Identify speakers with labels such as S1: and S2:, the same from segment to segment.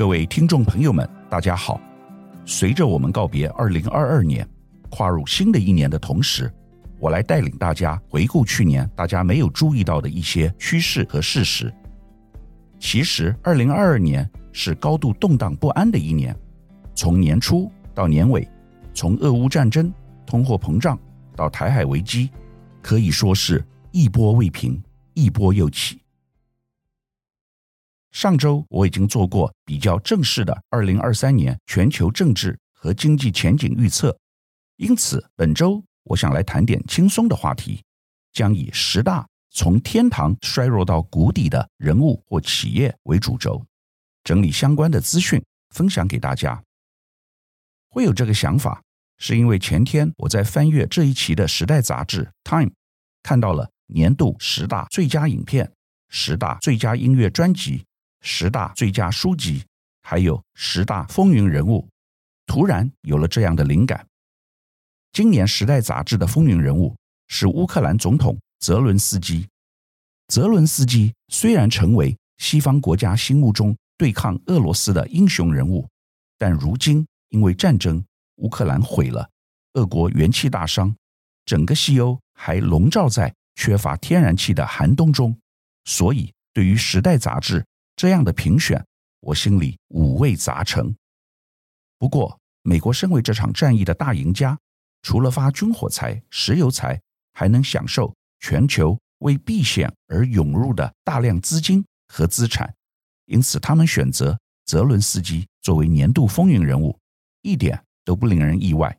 S1: 各位聽眾朋友們，大家好！隨着我們告別二零二二年，跨入新的一年的同時，我來帶領大家回顧去年大家沒有注意到的一些趨勢和事實。其實，二零二二年是高度動盪不安的一年，從年初到年尾，從俄烏戰爭、通貨膨脹到台海危機，可以說是一波未平，一波又起。上週我已經做過比較正式的2023年全球政治和經濟前景預測，因此本周我想來談點輕鬆的話題，將以十大從天堂衰落到谷底的人物或企業為主軸，整理相關的資訊分享給大家。會有這個想法，是因為前天我在翻閱這一期的時代雜誌《Time》，看到了年度十大最佳影片、十大最佳音樂專輯。十大最佳書籍，還有十大風雲人物，突然有了這樣的靈感。今年《時代》雜誌的風雲人物是烏克蘭總統澤倫斯基。澤倫斯基雖然成為西方國家心目中對抗俄羅斯的英雄人物，但如今因為戰爭，烏克蘭毀了，俄國元氣大傷，整個西歐還籠罩在缺乏天然氣的寒冬中，所以對於《時代》雜誌，這樣的評選，我心裡五味雜陳。不過，美國身為這場戰役的大贏家，除了發軍火財、石油財，還能享受全球為避險而湧入的大量資金和資產，因此他們選擇澤倫斯基作為年度風雲人物，一點都不令人意外。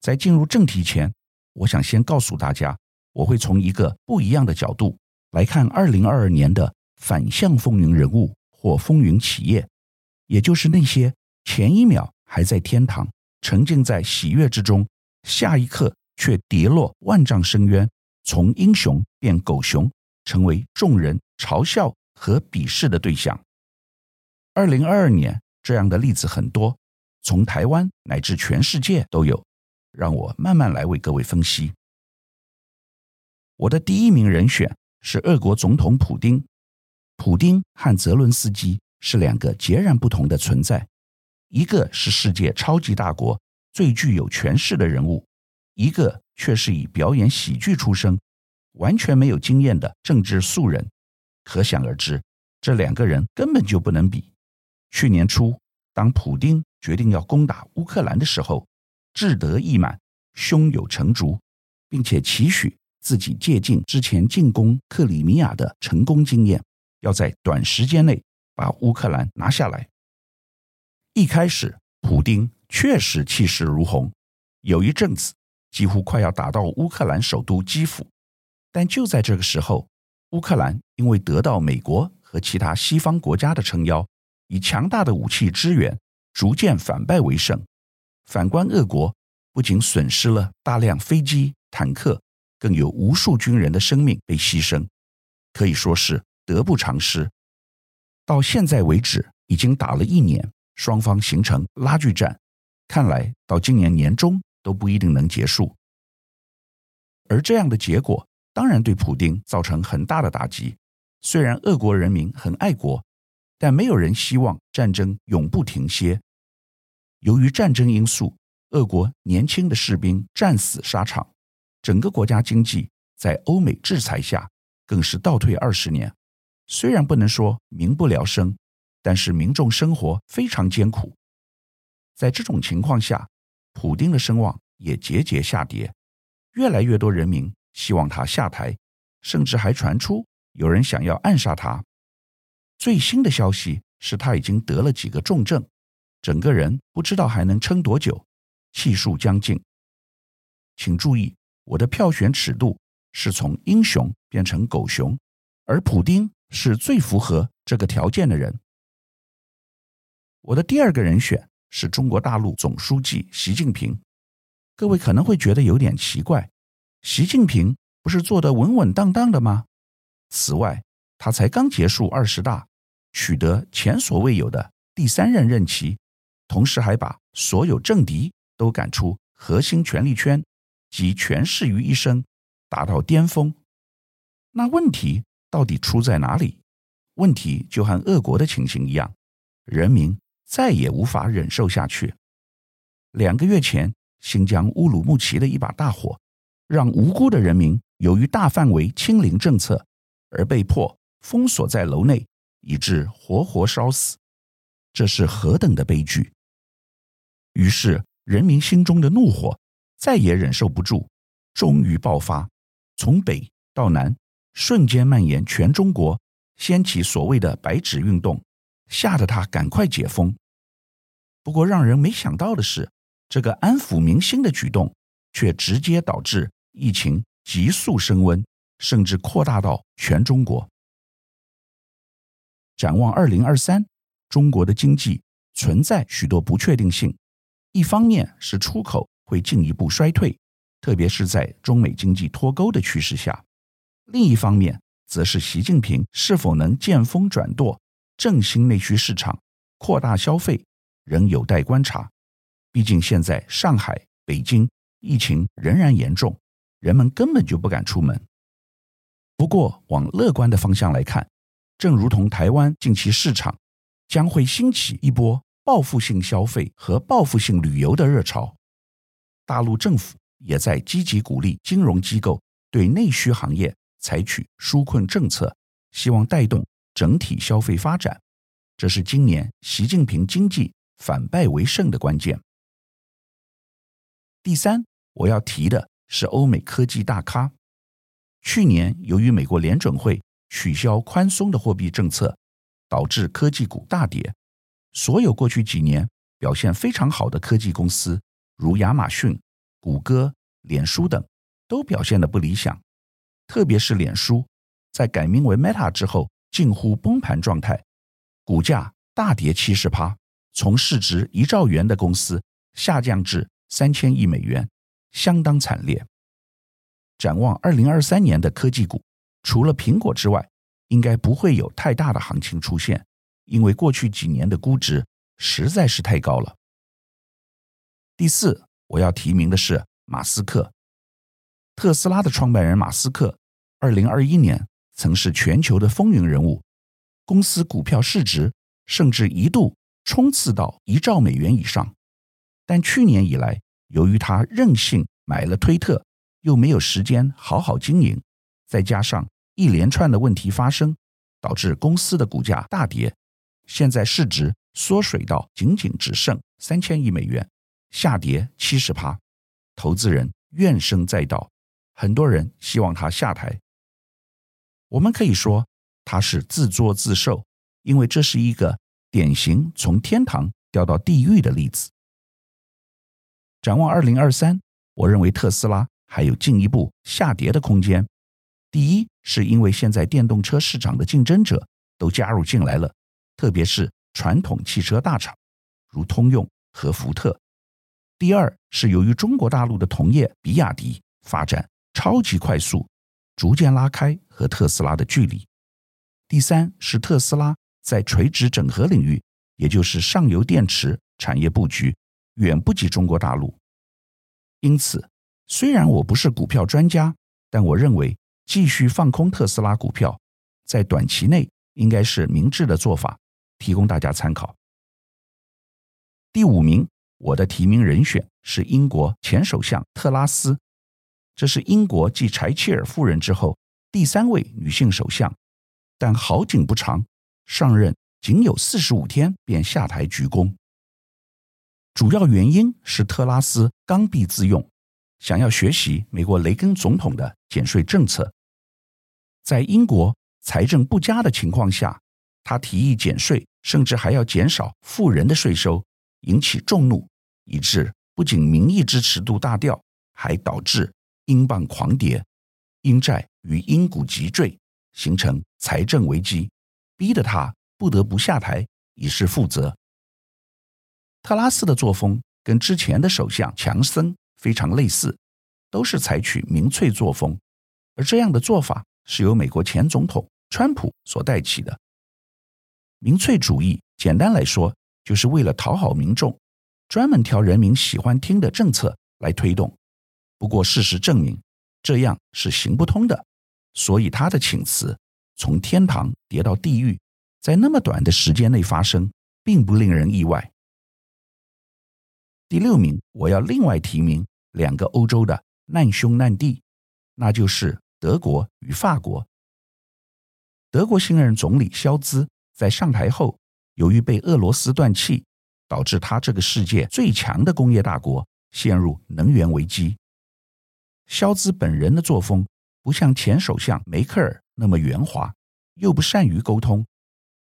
S1: 在進入正題前，我想先告訴大家，我會從一個不一樣的角度來看二零二二年的。反向風雲人物或風雲企業，也就是那些前一秒還在天堂，沉浸在喜悅之中，下一刻卻跌落萬丈深淵，從英雄變狗熊，成為眾人嘲笑和鄙視的對象。二零二二年這樣的例子很多，從台灣乃至全世界都有。讓我慢慢來為各位分析。我的第一名人選是俄國總統普丁。普丁和澤倫斯基是兩個截然不同的存在，一個是世界超級大國最具有權勢的人物，一個卻是以表演喜劇出身、完全沒有經驗的政治素人。可想而知，這兩個人根本就不能比。去年初，當普丁決定要攻打烏克蘭的時候，志得意滿、胸有成竹，並且期許自己借鑑之前進攻克里米亞的成功經驗。要在短時間內把烏克蘭拿下來。一開始，普丁確實氣勢如虹，有一陣子幾乎快要打到烏克蘭首都基輔。但就在這個時候，烏克蘭因為得到美國和其他西方國家的撐腰，以強大的武器支援，逐漸反敗為勝。反觀俄國，不僅損失了大量飛機、坦克，更有無數軍人的生命被犧牲，可以說是得不償失。到現在為止，已經打了一年，雙方形成拉鋸戰，看來到今年年中都不一定能結束。而這樣的結果當然對普丁造成很大的打擊。雖然俄國人民很愛國，但沒有人希望戰爭永不停歇。由於戰爭因素，俄國年輕的士兵戰死沙場，整個國家經濟在歐美制裁下更是倒退二十年。雖然不能說民不聊生，但是民眾生活非常艱苦。在這種情況下，普丁的聲望也節節下跌，越來越多人民希望他下台，甚至還傳出有人想要暗殺他。最新的消息是他已經得了幾個重症，整個人不知道還能撐多久，氣數將盡。請注意，我的票選尺度是從英雄變成狗熊，而普丁，是最符合這個條件的人。我的第二個人選是中國大陸總書記習近平。各位可能會覺得有點奇怪，習近平不是做得穩穩當當的嗎？此外，他才剛結束二十大，取得前所未有的第三任任期，同時還把所有政敵都趕出核心權力圈，集權勢於一身，達到巔峰。那問題到底出在哪裡？問題就和俄國的情形一樣，人民再也無法忍受下去。兩個月前，新疆烏魯木齊的一把大火，讓無辜的人民由於大範圍清零政策而被迫封鎖在樓內，以致活活燒死。這是何等的悲劇！於是，人民心中的怒火再也忍受不住，終於爆發，從北到南。瞬間蔓延全中國，掀起所謂的“白紙運動”，嚇得他趕快解封。不過，讓人沒想到的是，這個安撫民心的舉動卻直接導致疫情急速升溫，甚至擴大到全中國。展望二零二三，中國的經濟存在許多不確定性，一方面是出口會進一步衰退，特別是在中美經濟脫鈎的趨勢下。另一方面，則是習近平是否能見風轉舵，振興內需市場、擴大消費，仍有待觀察。畢竟現在上海、北京疫情仍然嚴重，人們根本就不敢出門。不過往樂觀的方向來看，正如同台灣近期市場將會興起一波報復性消費和報復性旅遊的熱潮，大陸政府也在積極鼓勵金融機構對內需行業。採取紓困政策，希望帶動整體消費發展，這是今年習近平經濟反敗為勝的關鍵。第三，我要提的是歐美科技大咖。去年，由於美國聯準會取消寬鬆的貨幣政策，導致科技股大跌。所有過去幾年表現非常好的科技公司，如亞馬遜、谷歌、臉書等，都表現得不理想。特別是臉書，在改名為 Meta 之後，近乎崩盤狀態，股價大跌七十趴，從市值一兆元的公司下降至三千億美元，相當慘烈。展望二零二三年的科技股，除了蘋果之外，應該不會有太大的行情出現，因為過去幾年的估值實在是太高了。第四，我要提名的是馬斯克，特斯拉的創辦人馬斯克。二零二一年曾是全球的風雲人物，公司股票市值甚至一度衝刺到一兆美元以上。但去年以來，由於他任性買了推特，又沒有時間好好經營，再加上一連串的問題發生，導致公司的股價大跌。現在市值縮水到僅僅只剩三千億美元，下跌七十趴，投資人怨聲載道，很多人希望他下台。我們可以說，它是自作自受，因為這是一個典型從天堂掉到地獄的例子。展望二零二三，我認為特斯拉還有進一步下跌的空間。第一，是因為現在電動車市場的競爭者都加入進來了，特別是傳統汽車大廠，如通用和福特。第二，是由於中國大陸的同業比亞迪發展超級快速，逐漸拉開。和特斯拉的距離。第三是特斯拉在垂直整合領域，也就是上游電池產業佈局，遠不及中國大陸。因此，雖然我不是股票專家，但我認為繼續放空特斯拉股票，在短期內應該是明智的做法，提供大家參考。第五名，我的提名人選是英國前首相特拉斯，這是英國繼柴切爾夫人之後，第三位女性首相，但好景不長，上任僅有四十五天便下台鞠躬。主要原因是特拉斯剛愎自用，想要學習美國雷根總統的減稅政策。在英國財政不佳的情況下，他提議減稅，甚至還要減少富人的稅收，引起眾怒，以致不僅民意支持度大掉，還導致英鎊狂跌。英債與英股急墜，形成財政危機，逼得他不得不下台以示負責。特拉斯的作風跟之前的首相強森非常類似，都是採取民粹作風，而這樣的做法是由美國前總統川普所帶起的。民粹主義簡單來說，就是為了討好民眾，專門挑人民喜歡聽的政策來推動。不過事實證明，這樣是行不通的，所以他的請辭，從天堂跌到地獄，在那麼短的時間內發生，並不令人意外。第六名，我要另外提名兩個歐洲的難兄難弟，那就是德國與法國。德國新任總理蕭茲在上台後，由於被俄羅斯斷氣，導致他這個世界最強的工業大國陷入能源危機。蕭茲本人的作風不像前首相梅克爾那麼圓滑，又不善於溝通，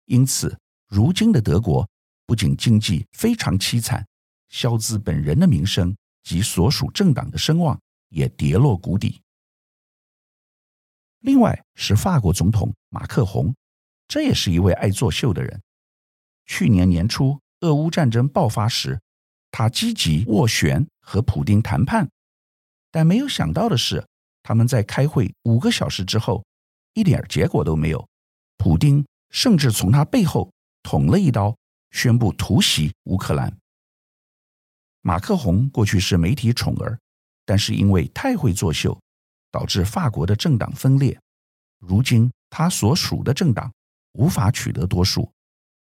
S1: 因此如今的德國不僅經濟非常淒慘，蕭茲本人的名聲及所屬政黨的聲望也跌落谷底。另外是法國總統馬克宏，這也是一位愛作秀的人。去年年初，俄烏戰爭爆發時，他積極斡旋和普丁談判。但沒有想到的是，他們在開會五個小時之後，一點結果都沒有。普丁甚至從他背後捅了一刀，宣布突襲烏克蘭。馬克宏過去是媒體寵兒，但是因為太會作秀，導致法國的政黨分裂。如今他所屬的政黨無法取得多數，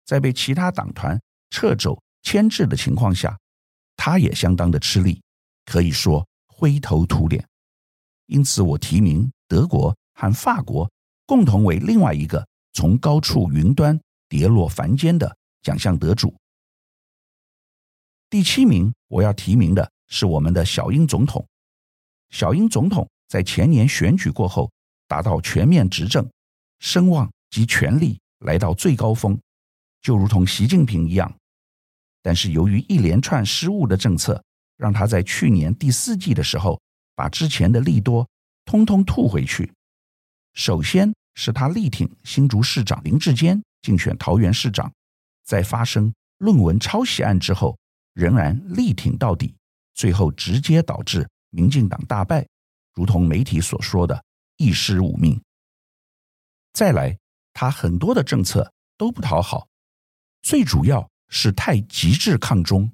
S1: 在被其他黨團掣肘牽制的情況下，他也相當的吃力，可以說。灰頭土臉，因此我提名德國和法國共同為另外一個從高處雲端跌落凡間的獎項得主。第七名我要提名的是我們的小英總統。小英總統在前年選舉過後，達到全面執政，聲望及權力來到最高峰，就如同習近平一樣。但是由於一連串失誤的政策。讓他在去年第四季的時候，把之前的利多通通吐回去。首先是他力挺新竹市長林智堅競選桃園市長，在發生論文抄襲案之後，仍然力挺到底，最後直接導致民進黨大敗，如同媒體所說的“一屍五命”。再來，他很多的政策都不討好，最主要是太極致抗中，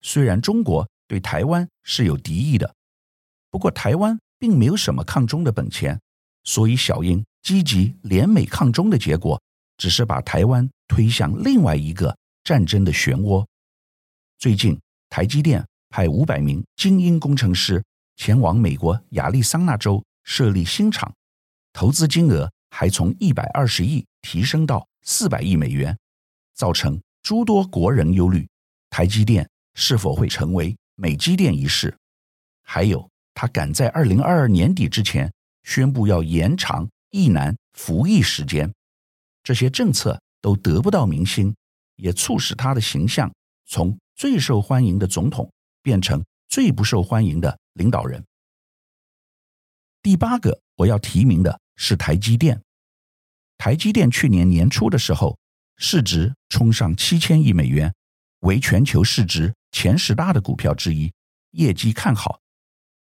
S1: 雖然中國對台灣是有敵意的，不過台灣並沒有什麼抗中的本錢，所以小英積極聯美抗中的結果，只是把台灣推向另外一個戰爭的漩渦。最近，台積電派五百名精英工程師前往美國亞利桑那州設立新廠，投資金額還從一百二十億提升到四百億美元，造成諸多國人憂慮，台積電是否會成為美積電一事，還有他趕在二零二二年底之前宣布要延長役男服役時間，這些政策都得不到民心，也促使他的形象從最受歡迎的總統變成最不受歡迎的領導人。第八個我要提名的是台積電，台積電去年年初的時候，市值衝上七千億美元，為全球市值前十大的股票之一，業績看好，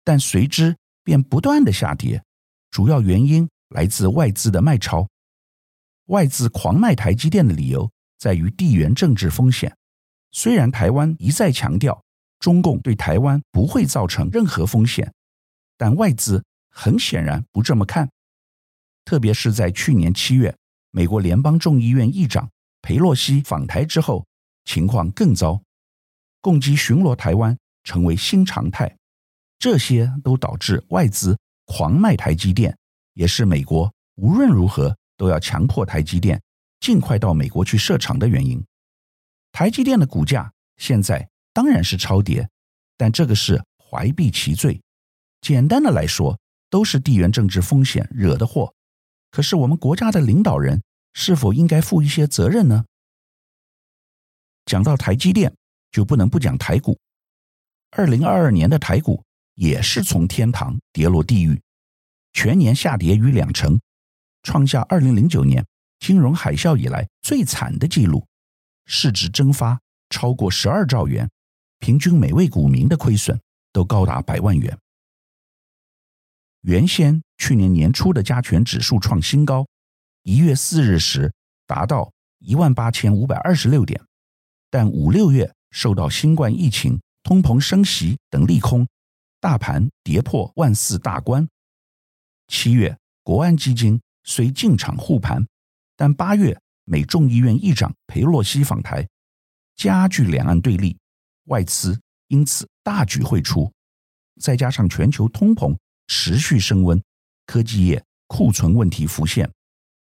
S1: 但隨之便不斷的下跌。主要原因來自外資的賣超。外資狂賣台積電的理由在於地緣政治風險。雖然台灣一再強調中共對台灣不會造成任何風險，但外資很顯然不這麼看。特別是在去年七月，美國聯邦眾議院議長裴洛西訪台之後，情況更糟。共機巡邏台灣成為新常態，這些都導致外資狂賣台積電，也是美國無論如何都要強迫台積電儘快到美國去設廠的原因。台積電的股價現在當然是超跌，但這個是懷璧其罪。簡單的來說，都是地緣政治風險惹的禍。可是我們國家的領導人是否應該負一些責任呢？講到台積電。就不能不講台股。二零二二年的台股也是從天堂跌落地獄，全年下跌逾兩成，創下二零零九年金融海嘯以來最慘的記錄，市值蒸發超過十二兆元，平均每位股民的虧損都高達百萬元。原先去年年初的加權指數創新高，一月四日時達到一萬八千五百二十六點，但五六月。受到新冠疫情、通膨升息等利空，大盤跌破萬四大關。七月，國安基金雖進場護盤，但八月美眾議院議長裴洛西訪台，加劇兩岸對立，外資因此大舉匯出。再加上全球通膨持續升溫，科技業庫存問題浮現，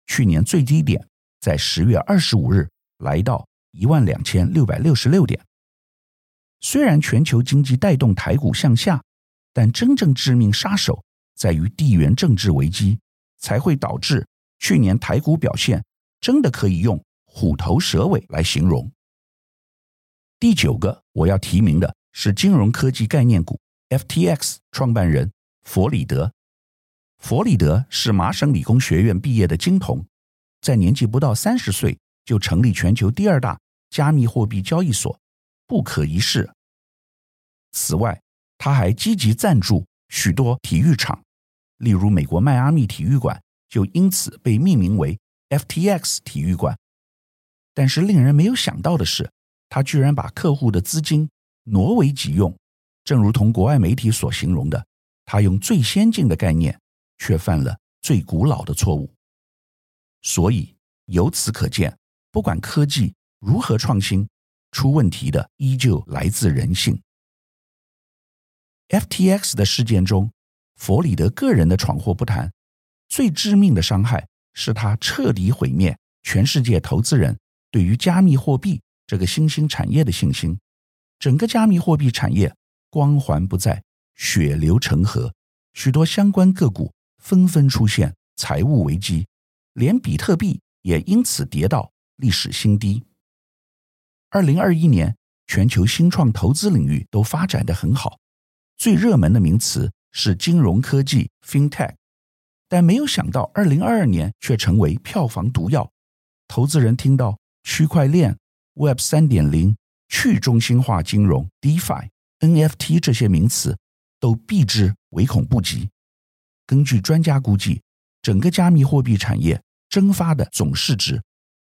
S1: 去年最低點在十月二十五日來到一萬兩千六百六十六點。雖然全球經濟帶動台股向下，但真正致命殺手在於地緣政治危機，才會導致去年台股表現真的可以用虎頭蛇尾來形容。第九個我要提名的是金融科技概念股 FTX 創辦人弗里德。弗里德是麻省理工學院畢業的金童，在年紀不到三十歲就成立全球第二大加密貨幣交易所。不可一世。此外，他還積極贊助許多體育場，例如美國邁阿密體育館，就因此被命名為 FTX 體育館。但是令人沒有想到的是，他居然把客戶的資金挪為己用，正如同國外媒體所形容的，他用最先進的概念，卻犯了最古老的錯誤。所以由此可見，不管科技如何創新，出問題的依舊來自人性。FTX 的事件中，弗里德個人的闖禍不談，最致命的傷害是他徹底毀滅全世界投資人對於加密貨幣這個新興產業的信心。整個加密貨幣產業光環不再，血流成河，許多相關個股紛紛出現財務危機，連比特幣也因此跌到歷史新低。二零二一年，全球新創投資領域都發展得很好，最熱門的名詞是金融科技 （FinTech），但沒有想到二零二二年卻成為票房毒藥。投資人聽到區塊鏈、Web 三點零、去中心化金融 （DeFi）、De Fi, NFT 這些名詞，都避之唯恐不及。根據專家估計，整個加密貨幣產業蒸發的總市值，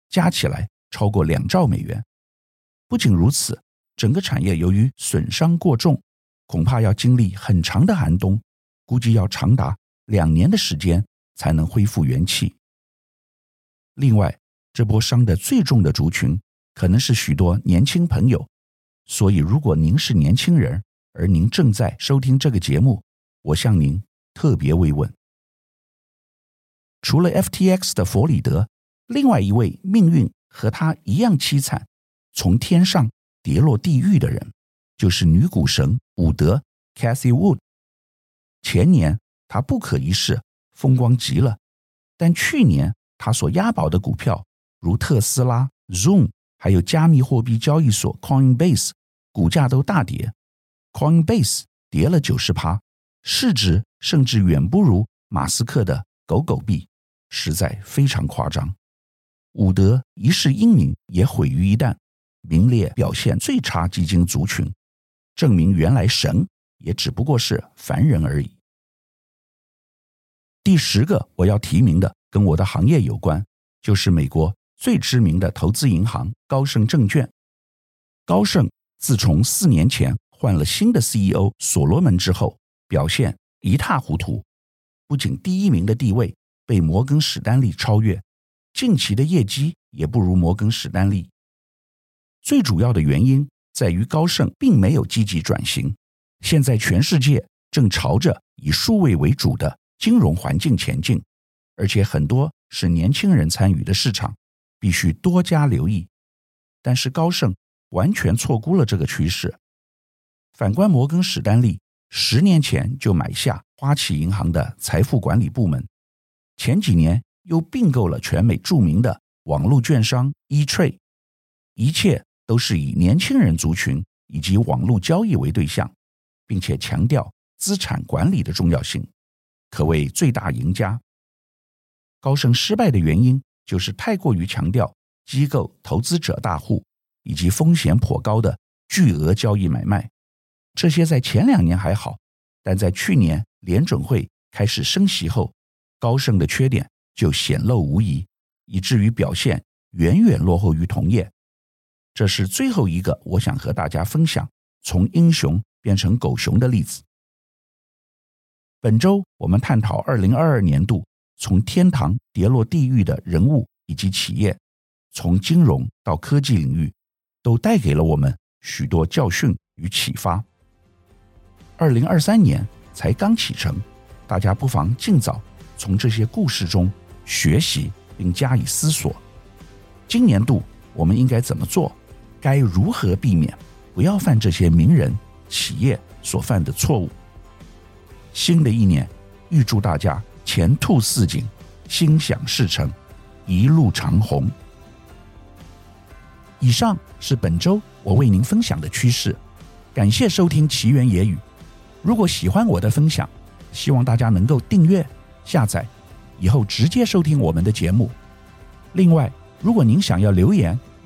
S1: 加起來超過兩兆美元。不僅如此，整個產業由於損傷過重，恐怕要經歷很長的寒冬，估計要長達兩年的時間才能恢復元氣。另外，這波傷得最重的族群可能是許多年輕朋友，所以如果您是年輕人，而您正在收聽這個節目，我向您特別慰問。除了 FTX 的弗里德，另外一位命運和他一樣淒慘。從天上跌落地獄的人，就是女股神伍德 （Cathie Wood）。前年她不可一世，風光極了，但去年她所押寶的股票，如特斯拉、Zoom，還有加密貨幣交易所 Coinbase，股價都大跌。Coinbase 跌了九十趴，市值甚至遠不如馬斯克的狗狗幣，實在非常誇張。伍德一世英名也毀於一旦。名列表現最差基金族群，證明原來神也只不過是凡人而已。第十個我要提名的，跟我的行業有關，就是美國最知名的投資銀行高盛證券。高盛自從四年前換了新的 CEO 所羅門之後，表現一塌糊塗，不僅第一名的地位被摩根史丹利超越，近期的業績也不如摩根史丹利。最主要的原因在於高盛並沒有積極轉型。現在全世界正朝着以數位為主的金融環境前進，而且很多是年輕人參與的市場，必須多加留意。但是高盛完全錯估了這個趨勢。反觀摩根史丹利，十年前就買下花旗銀行的財富管理部門，前幾年又併購了全美著名的網絡券商 eTrade 一切，都是以年輕人族群以及網絡交易為對象，並且強調資產管理的重要性，可謂最大贏家。高盛失敗的原因就是太過於強調機構投資者大戶以及風險頗高的巨額交易買賣，這些在前兩年還好，但在去年聯準會開始升息後，高盛的缺點就顯露無遺，以至於表現遠遠落後於同業。這是最後一個我想和大家分享從英雄變成狗熊的例子。本周我們探討2022年度從天堂跌落地獄的人物以及企業，從金融到科技領域，都帶給了我們許多教訓與啟發。2023年才剛啟程，大家不妨盡早從這些故事中學習並加以思索。今年度我們應該怎麼做？該如何避免不要犯這些名人企業所犯的錯誤？新的一年，預祝大家前途似錦，心想事成，一路長紅。以上是本周我為您分享的趨勢。感謝收聽奇緣野語。如果喜歡我的分享，希望大家能夠訂閱下載，以後直接收聽我們的節目。另外，如果您想要留言。